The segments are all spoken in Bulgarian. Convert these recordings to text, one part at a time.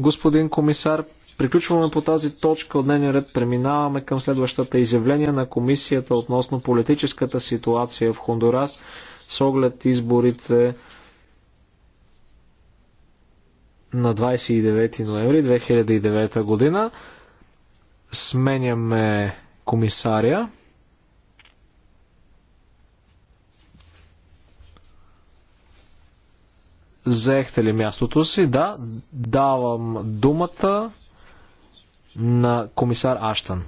господин комисар. Приключваме по тази точка от дневния ред. Преминаваме към следващата изявление на комисията относно политическата ситуация в Хондурас с оглед изборите на 29 ноември 2009 година. Сменяме комисаря. Заехте ли мястото си? Да. Давам думата на комисар Аштан.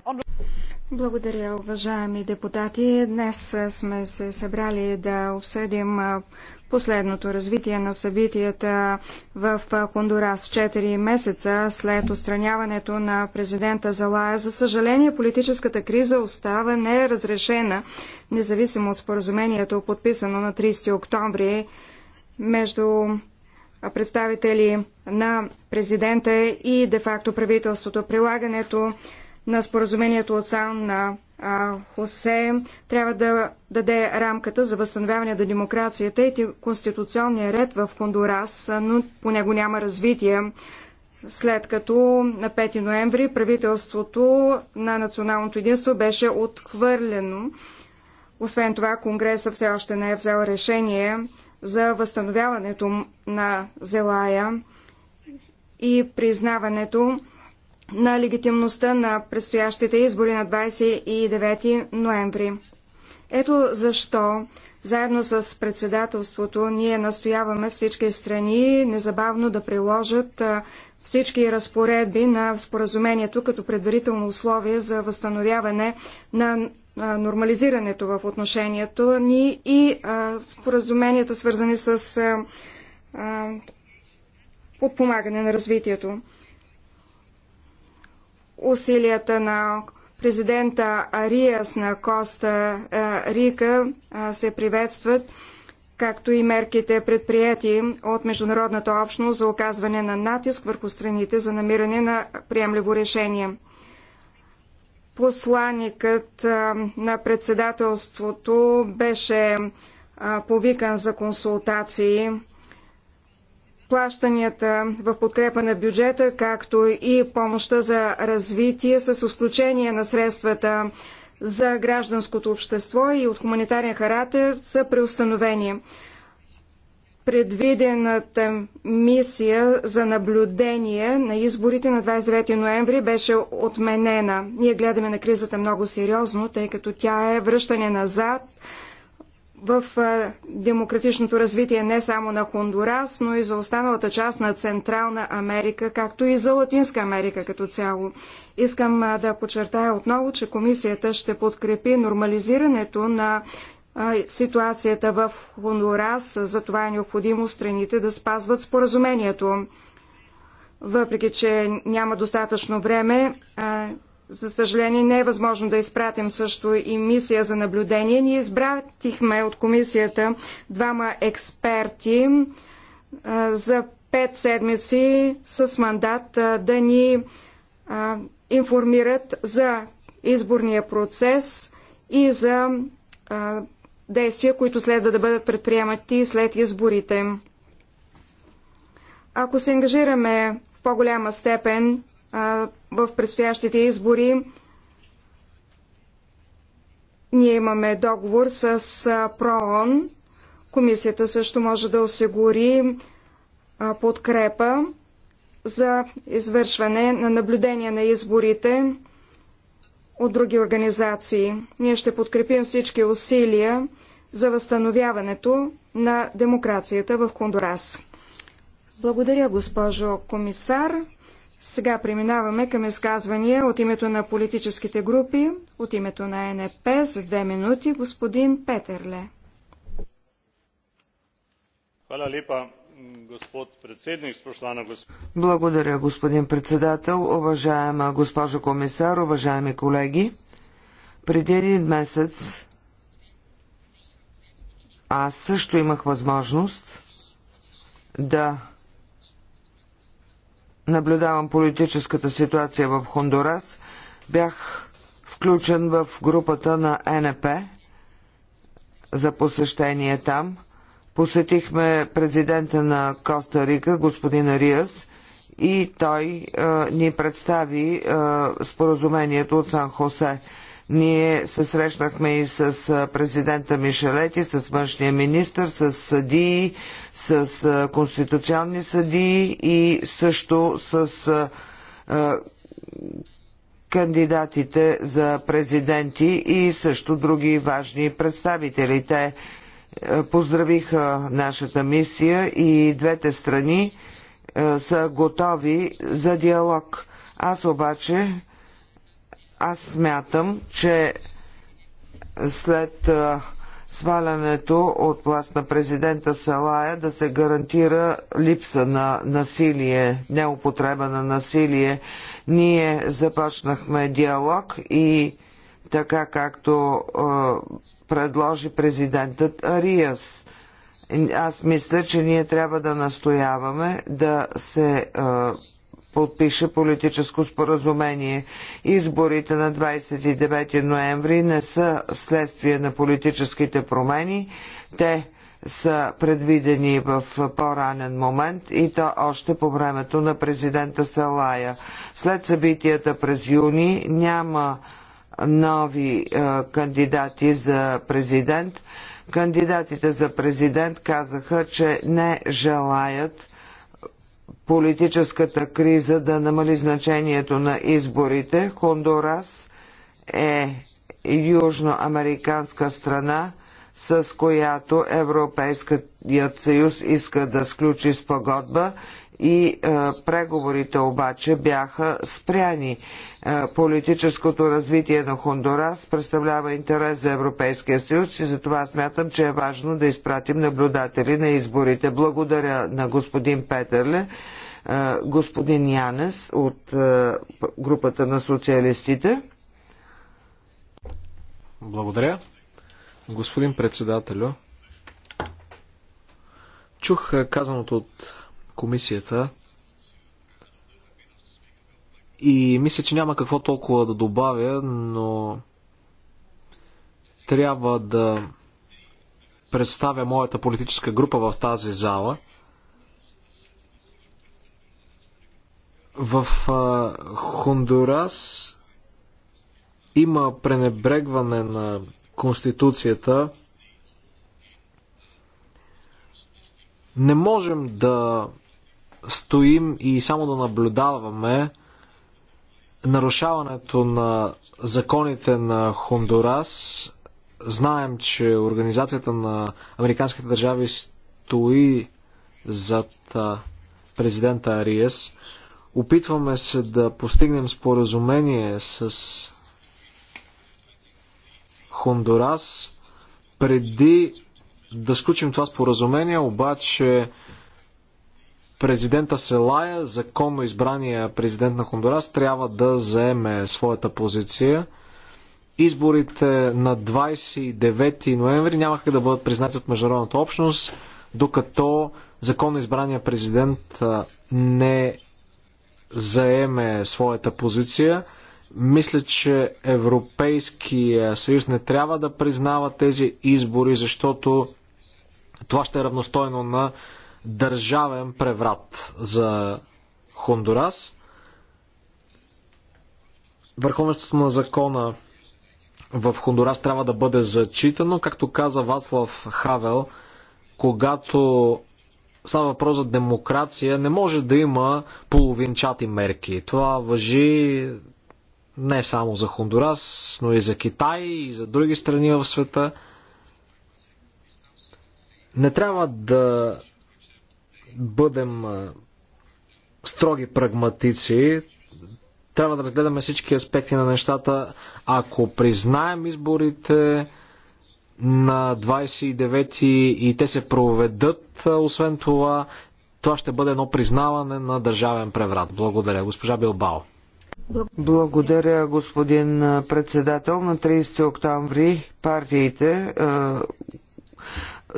Благодаря, уважаеми депутати. Днес сме се събрали да обсъдим последното развитие на събитията в Хондурас 4 месеца след устраняването на президента Залая. За съжаление, политическата криза остава неразрешена, независимо от споразумението, подписано на 30 октомври между представители на президента и де-факто правителството. Прилагането на споразумението от САН на Хосе трябва да даде рамката за възстановяване на демокрацията и конституционния ред в Хондурас, но по него няма развитие. След като на 5 ноември правителството на националното единство беше отхвърлено. Освен това, Конгреса все още не е взел решение за възстановяването на Зелая и признаването на легитимността на предстоящите избори на 29 ноември. Ето защо заедно с председателството ние настояваме всички страни незабавно да приложат всички разпоредби на споразумението като предварително условие за възстановяване на нормализирането в отношението ни и споразуменията, свързани с подпомагане на развитието. Усилията на президента Ариас на Коста Рика се приветстват, както и мерките предприяти от международната общност за оказване на натиск върху страните за намиране на приемливо решение. Посланникът на председателството беше повикан за консултации. Плащанията в подкрепа на бюджета, както и помощта за развитие, с изключение на средствата за гражданското общество и от хуманитарен характер, са преустановени предвидената мисия за наблюдение на изборите на 29 ноември беше отменена. Ние гледаме на кризата много сериозно, тъй като тя е връщане назад в демократичното развитие не само на Хондурас, но и за останалата част на Централна Америка, както и за Латинска Америка като цяло. Искам да подчертая отново, че комисията ще подкрепи нормализирането на ситуацията в Хондурас, за това е необходимо страните да спазват споразумението. Въпреки, че няма достатъчно време, за съжаление не е възможно да изпратим също и мисия за наблюдение. Ние избратихме от комисията двама експерти за пет седмици с мандат да ни информират за изборния процес и за действия, които следва да бъдат предприемати след изборите. Ако се ангажираме в по-голяма степен в предстоящите избори, ние имаме договор с ПРООН. Комисията също може да осигури подкрепа за извършване на наблюдение на изборите от други организации. Ние ще подкрепим всички усилия за възстановяването на демокрацията в Хондурас. Благодаря, госпожо комисар. Сега преминаваме към изказвания от името на политическите групи, от името на НП за две минути господин Петерле. Hvala благодаря, господин председател, уважаема госпожо комисар, уважаеми колеги. Преди един месец аз също имах възможност да наблюдавам политическата ситуация в Хондурас. Бях включен в групата на НП за посещение там – Посетихме президента на Коста Рика, господин Риас, и той а, ни представи а, споразумението от Сан Хосе. Ние се срещнахме и с президента Мишелети, с външния министр, с съдии, с конституционни съдии и също с кандидатите за президенти и също други важни представители. Те поздравиха нашата мисия и двете страни е, са готови за диалог. Аз обаче, аз смятам, че след е, свалянето от власт на президента Салая да се гарантира липса на насилие, неупотреба на насилие. Ние започнахме диалог и така както е, предложи президентът Ариас. Аз мисля, че ние трябва да настояваме да се подпише политическо споразумение. Изборите на 29 ноември не са следствие на политическите промени. Те са предвидени в по-ранен момент и то още по времето на президента Салая. След събитията през юни няма нови кандидати за президент. Кандидатите за президент казаха, че не желаят политическата криза да намали значението на изборите. Хондурас е южноамериканска страна, с която Европейският съюз иска да сключи спогодба и е, преговорите обаче бяха спряни. Е, политическото развитие на Хондурас представлява интерес за Европейския съюз и затова смятам, че е важно да изпратим наблюдатели на изборите. Благодаря на господин Петърле, е, господин Янес от е, групата на социалистите. Благодаря. Господин председателю, чух казаното от комисията. И мисля, че няма какво толкова да добавя, но трябва да представя моята политическа група в тази зала. В а, Хондурас има пренебрегване на Конституцията. Не можем да стоим и само да наблюдаваме нарушаването на законите на Хондурас. Знаем, че Организацията на Американските държави стои зад президента Ариес. Опитваме се да постигнем споразумение с Хондурас преди да сключим това споразумение, обаче президента Селая, законно избрания президент на Хондурас, трябва да заеме своята позиция. Изборите на 29 ноември нямаха да бъдат признати от международната общност, докато законно избрания президент не заеме своята позиция. Мисля, че Европейския съюз не трябва да признава тези избори, защото това ще е равностойно на държавен преврат за Хондурас. Върховенството на закона в Хондурас трябва да бъде зачитано, както каза Вацлав Хавел, когато става въпрос за демокрация, не може да има половинчати мерки. Това въжи не само за Хондурас, но и за Китай и за други страни в света. Не трябва да бъдем строги прагматици, трябва да разгледаме всички аспекти на нещата. Ако признаем изборите на 29 и те се проведат, освен това, това ще бъде едно признаване на държавен преврат. Благодаря, госпожа Билбао. Благодаря, господин председател. На 30 октомври партиите,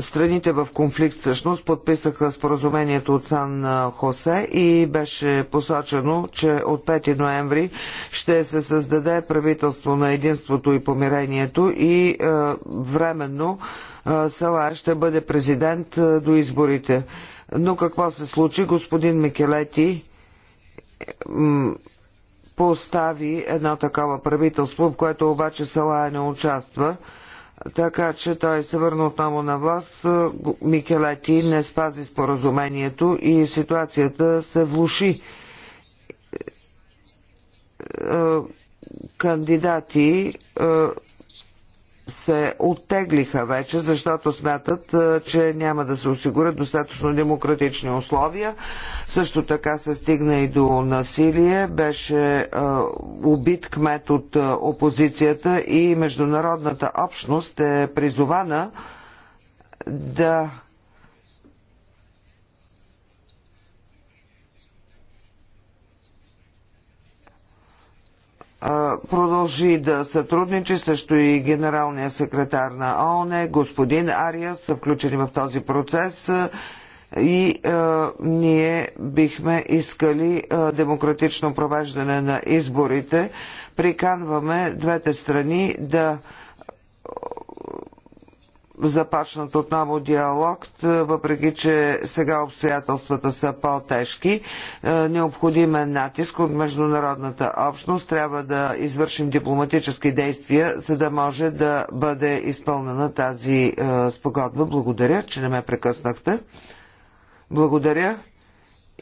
страните в конфликт всъщност подписаха споразумението от Сан Хосе и беше посочено, че от 5 ноември ще се създаде правителство на единството и помирението и е, временно е, Салар ще бъде президент е, до изборите. Но какво се случи? Господин Микелети постави едно такова правителство, в което обаче Села не участва – така че той се върна отново на власт. Микелети не спази споразумението и ситуацията се влуши. Е, е, кандидати е, се оттеглиха вече, защото смятат, че няма да се осигурят достатъчно демократични условия. Също така се стигна и до насилие. Беше е, убит кмет от опозицията и международната общност е призована да продължи да сътрудничи също и генералния секретар на ООН, господин Ариас, са включени в този процес и е, ние бихме искали е, демократично провеждане на изборите. Приканваме двете страни да започнат отново диалог, въпреки че сега обстоятелствата са по-тежки. Е, необходим е натиск от международната общност. Трябва да извършим дипломатически действия, за да може да бъде изпълнена тази е, спогодба. Благодаря, че не ме прекъснахте. Благодаря.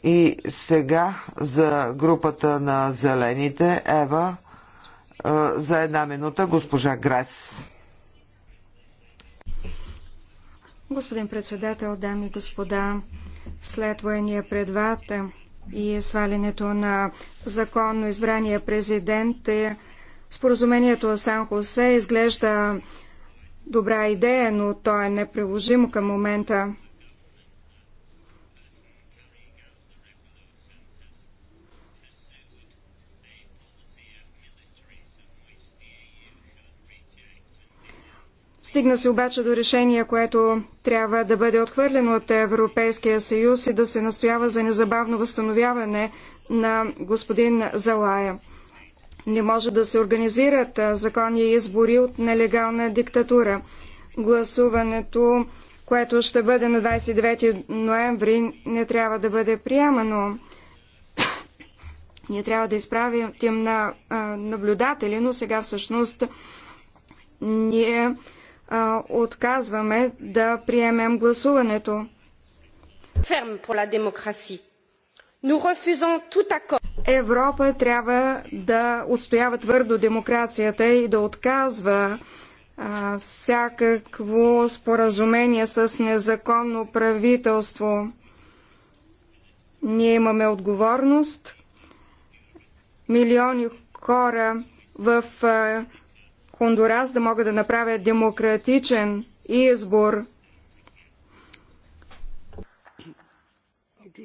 И сега за групата на зелените Ева е, за една минута госпожа Грес. Господин председател, дами и господа, след военния предвата и свалянето на законно избрания президент, е, споразумението Сан Хосе изглежда добра идея, но то е неприложимо към момента. Стигна се обаче до решение, което трябва да бъде отхвърлено от Европейския съюз и да се настоява за незабавно възстановяване на господин Залая. Не може да се организират законни избори от нелегална диктатура. Гласуването, което ще бъде на 29 ноември, не трябва да бъде приемано. Ние трябва да изправим на наблюдатели, но сега всъщност ние а, отказваме да приемем гласуването. Европа трябва да отстоява твърдо демокрацията и да отказва а, всякакво споразумение с незаконно правителство. Ние имаме отговорност. Милиони хора в а, Хондурас да могат да направят демократичен избор.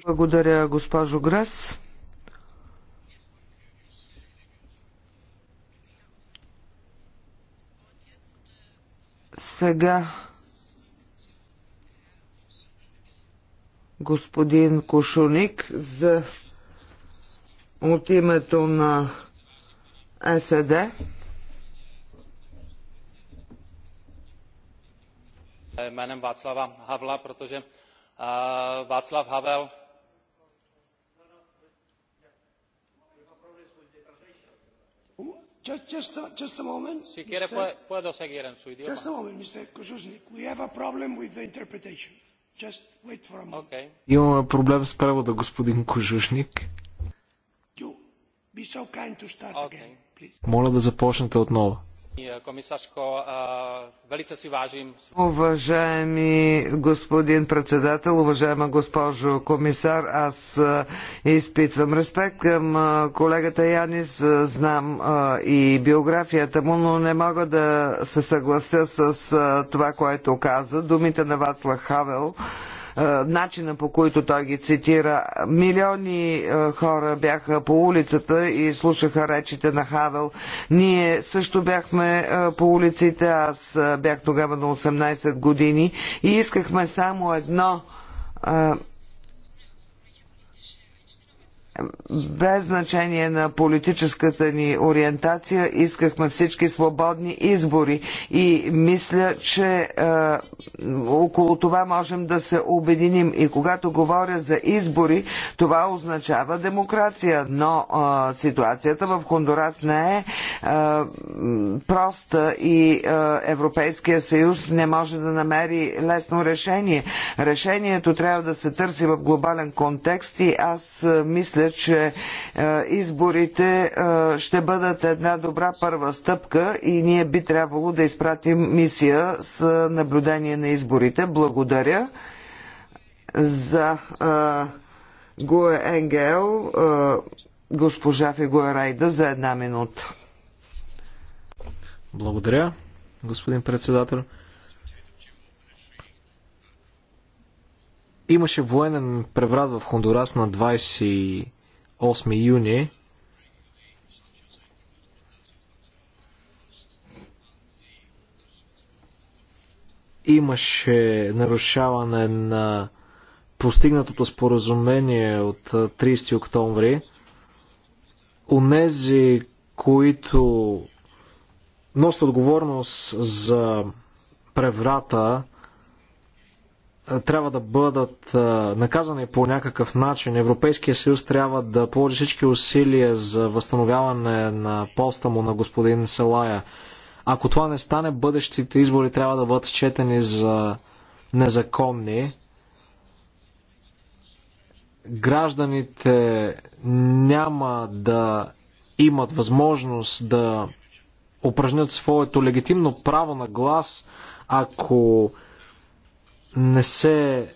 Благодаря, госпожо Грес. Сега господин Кошуник за от името на СД. jménem Václava Havla, protože Václav Havel Si quiere puedo seguir en su idioma. Just a moment, Mr. Kozuznik. We have a problem with the interpretation. Just wait for a moment. Okay. Имаме проблем с превода, господин Кожушник. You be so kind to start okay. again, please. Моля да започнете отново. Е, Уважаеми господин председател, уважаема госпожо комисар, аз изпитвам респект към колегата Янис. Знам и биографията му, но не мога да се съглася с това, което каза. Думите на Вацлав Хавел е, начина по който той ги цитира. Милиони е, хора бяха по улицата и слушаха речите на Хавел. Ние също бяхме е, по улиците. Аз бях тогава на 18 години и искахме само едно без значение на политическата ни ориентация, искахме всички свободни избори. И мисля, че е, около това можем да се обединим. И когато говоря за избори, това означава демокрация. Но е, ситуацията в Хондурас не е, е проста и е, Европейския съюз не може да намери лесно решение. Решението трябва да се търси в глобален контекст и аз е, мисля, че е, изборите е, ще бъдат една добра първа стъпка и ние би трябвало да изпратим мисия с наблюдение на изборите. Благодаря за е, Гуе Енгел, госпожа Фигуе Райда за една минута. Благодаря, господин председател. Имаше военен преврат в Хондурас на 20 8 юни. Имаше нарушаване на постигнатото споразумение от 30 октомври. Онези, които носят отговорност за преврата, трябва да бъдат наказани по някакъв начин. Европейския съюз трябва да положи всички усилия за възстановяване на поста му на господин Селая. Ако това не стане, бъдещите избори трябва да бъдат четени за незаконни. Гражданите няма да имат възможност да упражнят своето легитимно право на глас, ако не се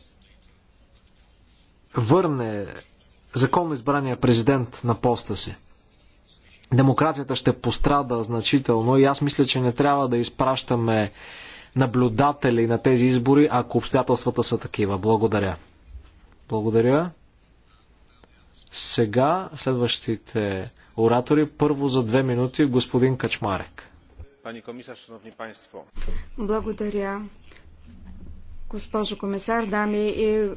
върне законно избрания президент на поста си. Демокрацията ще пострада значително и аз мисля, че не трябва да изпращаме наблюдатели на тези избори, ако обстоятелствата са такива. Благодаря. Благодаря. Сега следващите оратори. Първо за две минути господин Качмарек. Пани комисар, шановни панство. Благодаря. Госпожо комисар, дами и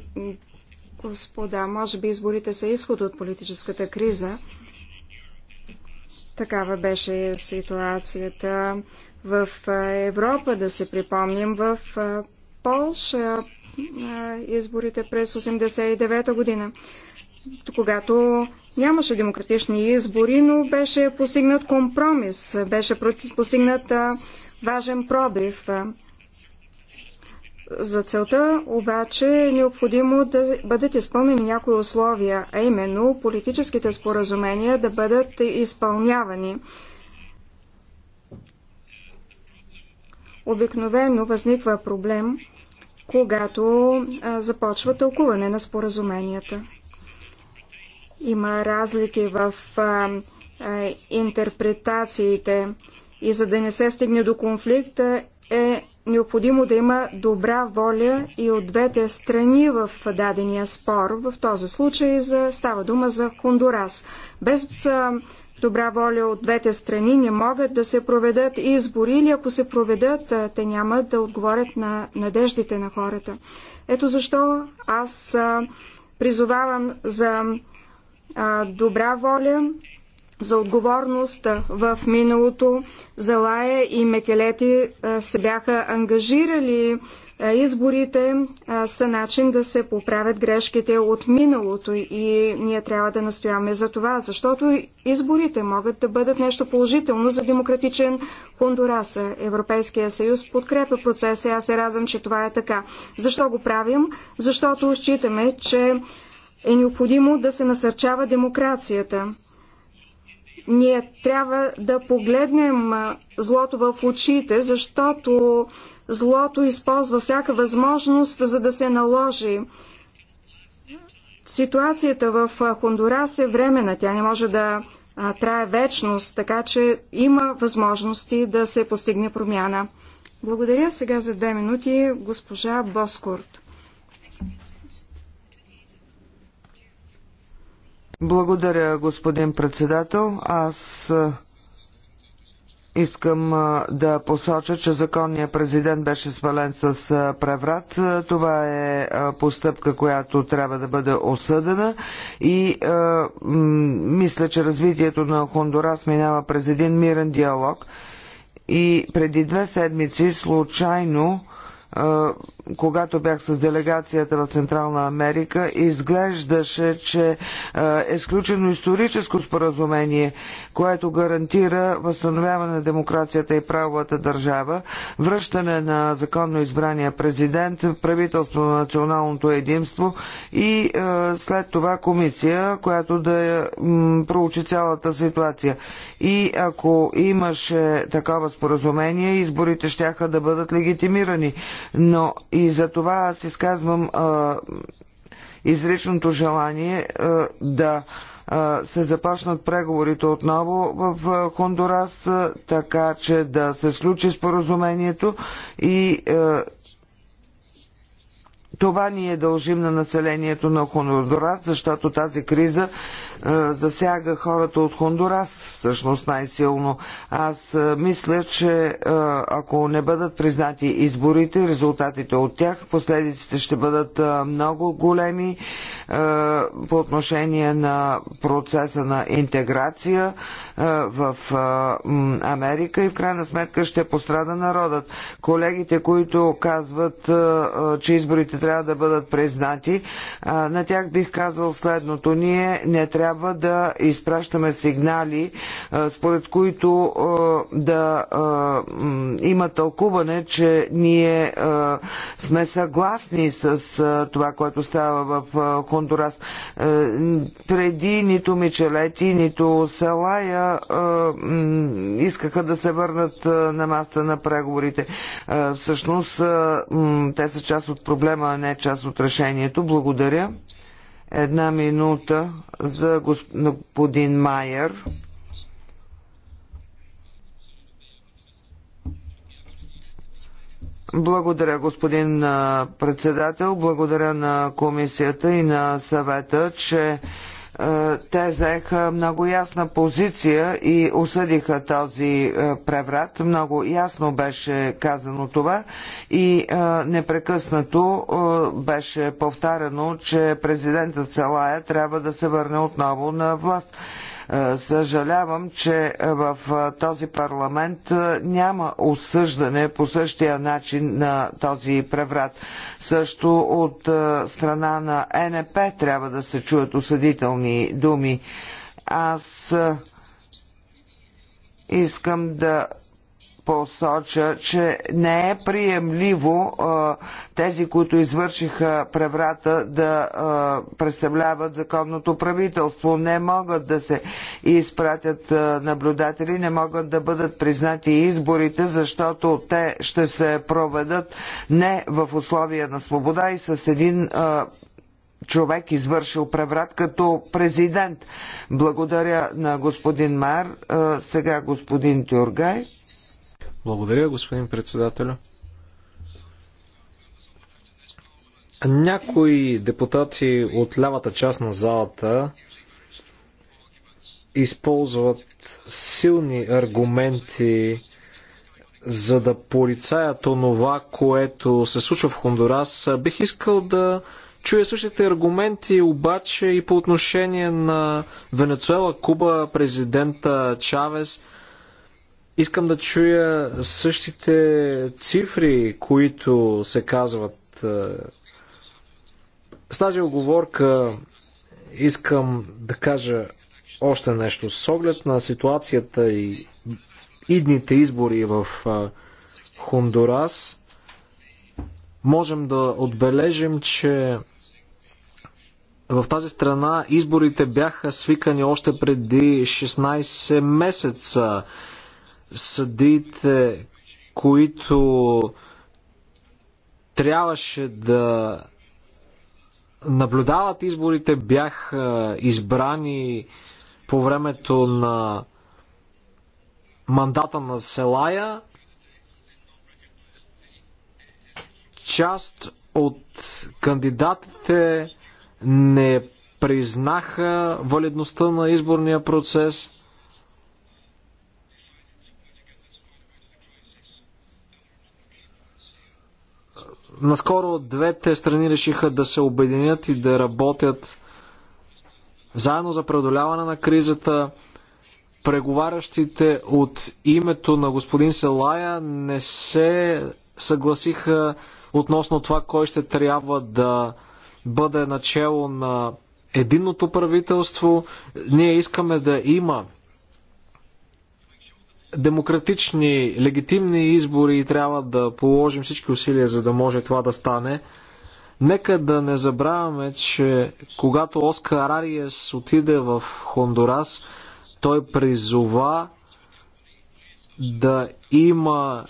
господа, може би изборите са изход от политическата криза. Такава беше ситуацията в Европа, да се припомним, в Полша изборите през 1989 година, когато нямаше демократични избори, но беше постигнат компромис, беше постигнат важен пробив. За целта обаче е необходимо да бъдат изпълнени някои условия, а именно политическите споразумения да бъдат изпълнявани. Обикновено възниква проблем, когато започва тълкуване на споразуменията. Има разлики в интерпретациите и за да не се стигне до конфликта е необходимо да има добра воля и от двете страни в дадения спор. В този случай за, става дума за Хондурас. Без а, добра воля от двете страни не могат да се проведат избори или ако се проведат, а, те няма да отговорят на надеждите на хората. Ето защо аз а, призовавам за а, добра воля за отговорност в миналото. Залая и Мекелети се бяха ангажирали. Изборите са начин да се поправят грешките от миналото и ние трябва да настояваме за това, защото изборите могат да бъдат нещо положително за демократичен Хондурас. Европейския съюз подкрепя процеса и аз се радвам, че това е така. Защо го правим? Защото считаме, че е необходимо да се насърчава демокрацията. Ние трябва да погледнем злото в очите, защото злото използва всяка възможност, за да се наложи. Ситуацията в Хондурас е времена, тя не може да трае вечност, така че има възможности да се постигне промяна. Благодаря сега за две минути госпожа Боскорт. Благодаря, господин председател. Аз Искам да посоча, че законният президент беше свален с преврат. Това е постъпка, която трябва да бъде осъдена и мисля, че развитието на Хондурас минава през един мирен диалог. И преди две седмици случайно когато бях с делегацията в Централна Америка, изглеждаше, че е сключено историческо споразумение, което гарантира възстановяване на демокрацията и правовата държава, връщане на законно избрания президент, правителство на националното единство и след това комисия, която да проучи цялата ситуация и ако имаше такова споразумение, изборите щяха да бъдат легитимирани. Но и за това аз изказвам а, изричното желание а, да се започнат преговорите отново в Хондурас, така че да се случи споразумението и това ние дължим на населението на Хондурас, защото тази криза е, засяга хората от Хондурас всъщност най-силно. Аз е, мисля, че е, ако не бъдат признати изборите, резултатите от тях, последиците ще бъдат е, много големи е, по отношение на процеса на интеграция е, в е, Америка и в крайна сметка ще пострада народът. Колегите, които казват, е, че изборите трябва да бъдат признати. На тях бих казал следното. Ние не трябва да изпращаме сигнали, според които да има тълкуване, че ние сме съгласни с това, което става в Хондурас. Преди нито Мичелети, нито Салая искаха да се върнат на маста на преговорите. Всъщност те са част от проблема не е част от решението. Благодаря. Една минута за господин Майер. Благодаря, господин председател. Благодаря на комисията и на съвета, че е, те заеха много ясна позиция и осъдиха този е, преврат. Много ясно беше казано това и е, непрекъснато беше повтаряно, че президентът Салая трябва да се върне отново на власт. Е, съжалявам, че е, в е, този парламент няма осъждане по същия начин на този преврат. Също от страна на НП трябва да се чуят осъдителни думи. Аз искам да посоча, че не е приемливо тези, които извършиха преврата, да представляват законното правителство. Не могат да се изпратят наблюдатели, не могат да бъдат признати изборите, защото те ще се проведат не в условия на свобода и с един човек извършил преврат като президент. Благодаря на господин Мар, сега господин Тюргай. Благодаря, господин председателю. Някои депутати от лявата част на залата използват силни аргументи, за да порицаят онова, което се случва в Хондурас. Бих искал да чуя същите аргументи, обаче и по отношение на Венецуела, Куба, президента Чавес – Искам да чуя същите цифри, които се казват. Е, с тази оговорка искам да кажа още нещо. С оглед на ситуацията и идните избори в е, Хондурас, можем да отбележим, че в тази страна изборите бяха свикани още преди 16 месеца съдиите, които трябваше да наблюдават изборите, бяха избрани по времето на мандата на Селая. Част от кандидатите не признаха валидността на изборния процес. Наскоро двете страни решиха да се обединят и да работят заедно за преодоляване на кризата. Преговарящите от името на господин Селая не се съгласиха относно това кой ще трябва да бъде начало на единното правителство. Ние искаме да има демократични, легитимни избори и трябва да положим всички усилия, за да може това да стане. Нека да не забравяме, че когато Оскар Ариес отиде в Хондурас, той призова да има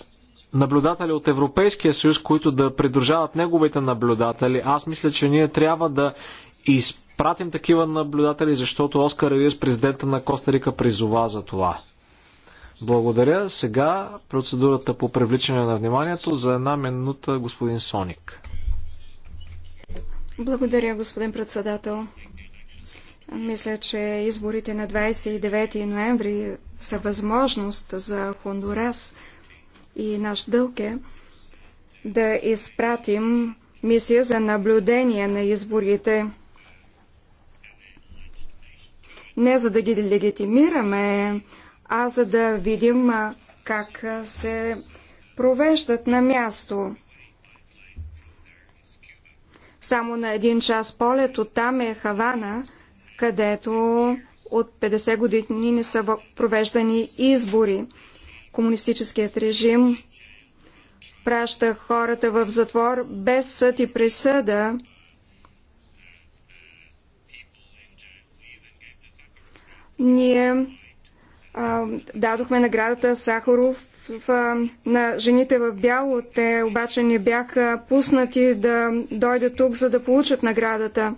наблюдатели от Европейския съюз, които да придружават неговите наблюдатели. Аз мисля, че ние трябва да изпратим такива наблюдатели, защото Оскар Ариес, президента на Коста Рика, призова за това. Благодаря. Сега процедурата по привличане на вниманието за една минута господин Соник. Благодаря, господин председател. Мисля, че изборите на 29 ноември са възможност за Хондурас и наш дълг е да изпратим мисия за наблюдение на изборите. Не за да ги легитимираме, а за да видим как се провеждат на място. Само на един час полет там е Хавана, където от 50 години не са провеждани избори. Комунистическият режим праща хората в затвор без съд и присъда. Ние дадохме наградата Сахаров на жените в бяло. Те обаче не бяха пуснати да дойдат тук, за да получат наградата.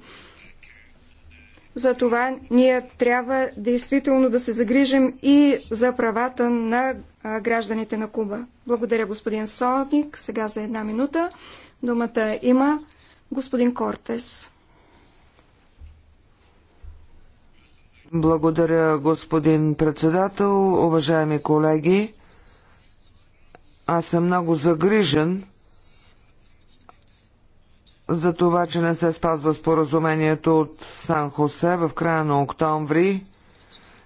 Затова ние трябва действително да се загрижим и за правата на гражданите на Куба. Благодаря господин Соник. Сега за една минута думата има господин Кортес. Благодаря, господин председател, уважаеми колеги. Аз съм много загрижен за това, че не се спазва споразумението от Сан-Хосе в края на октомври.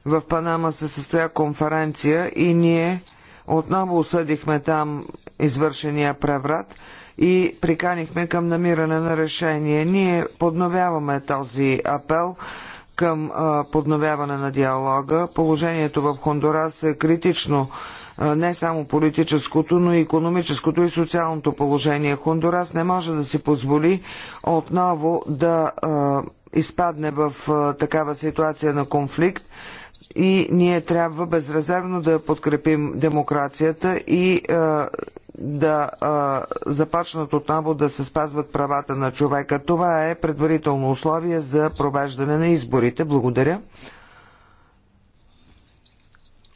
В Панама се състоя конференция и ние отново осъдихме там извършения преврат и приканихме към намиране на решение. Ние подновяваме този апел към подновяване на диалога. Положението в Хондурас е критично не само политическото, но и економическото и социалното положение. Хондурас не може да си позволи отново да изпадне в такава ситуация на конфликт и ние трябва безрезервно да подкрепим демокрацията и да а, започнат отново да се спазват правата на човека. Това е предварително условие за провеждане на изборите. Благодаря.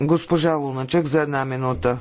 Госпожа Луначек за една минута.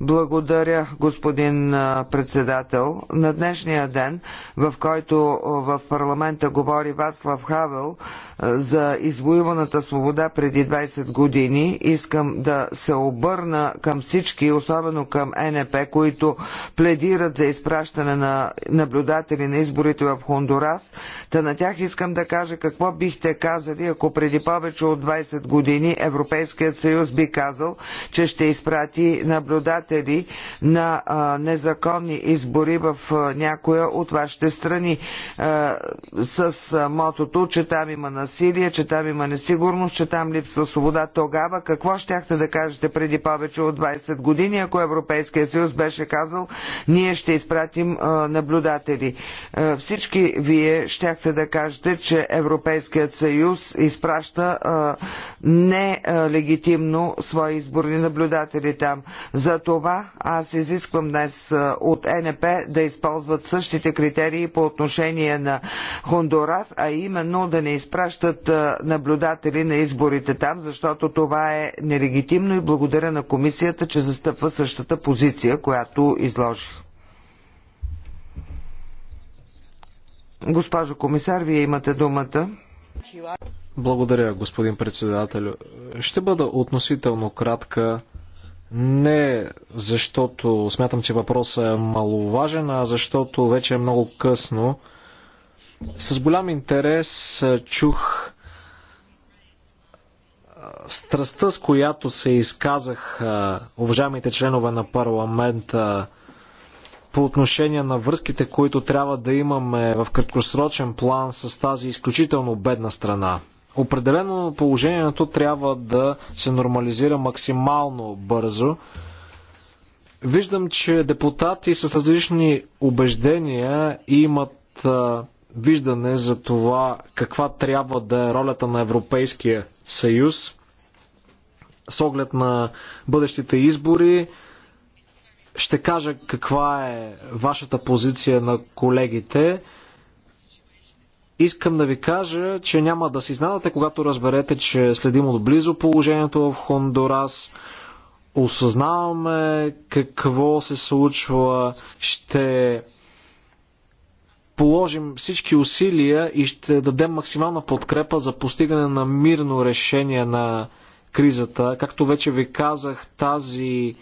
Благодаря, господин председател. На днешния ден, в който в парламента говори Вацлав Хавел, за извоюваната свобода преди 20 години. Искам да се обърна към всички, особено към НП, които пледират за изпращане на наблюдатели на изборите в Хондурас. Та на тях искам да кажа какво бихте казали, ако преди повече от 20 години Европейският съюз би казал, че ще изпрати наблюдатели на а, незаконни избори в а, някоя от вашите страни а, с а, мотото, че там има на насилие, че там има несигурност, че там липсва свобода тогава, какво щяхте да кажете преди повече от 20 години, ако Европейския съюз беше казал, ние ще изпратим наблюдатели. всички вие щяхте да кажете, че Европейският съюз изпраща нелегитимно свои изборни наблюдатели там. За това аз изисквам днес от НП да използват същите критерии по отношение на Хондурас, а именно да не изпращат пращат наблюдатели на изборите там, защото това е нелегитимно и благодаря на комисията, че застъпва същата позиция, която изложих. Госпожо комисар, вие имате думата. Благодаря, господин председател. Ще бъда относително кратка. Не защото смятам, че въпросът е маловажен, а защото вече е много късно. С голям интерес чух страстта, с която се изказах уважаемите членове на парламента по отношение на връзките, които трябва да имаме в краткосрочен план с тази изключително бедна страна. Определено положението трябва да се нормализира максимално бързо. Виждам, че депутати с различни убеждения имат виждане за това каква трябва да е ролята на Европейския съюз с оглед на бъдещите избори. Ще кажа каква е вашата позиция на колегите. Искам да ви кажа, че няма да се изненадате, когато разберете, че следим отблизо положението в Хондурас. Осъзнаваме какво се случва. Ще положим всички усилия и ще дадем максимална подкрепа за постигане на мирно решение на кризата. Както вече ви казах, тази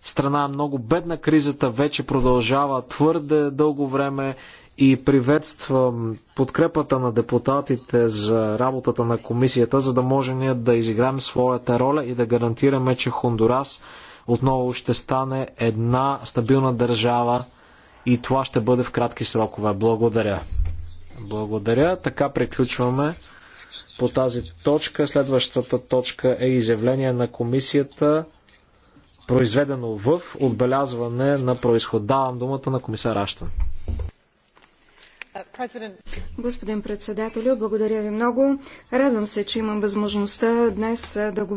страна е много бедна. Кризата вече продължава твърде дълго време и приветствам подкрепата на депутатите за работата на комисията, за да може ние да изиграем своята роля и да гарантираме, че Хондурас отново ще стане една стабилна държава и това ще бъде в кратки срокове. Благодаря. Благодаря. Така приключваме по тази точка. Следващата точка е изявление на комисията произведено в отбелязване на происход. Давам думата на комисар Аштан. Господин председател, благодаря ви много. Радвам се, че имам възможността днес да говоря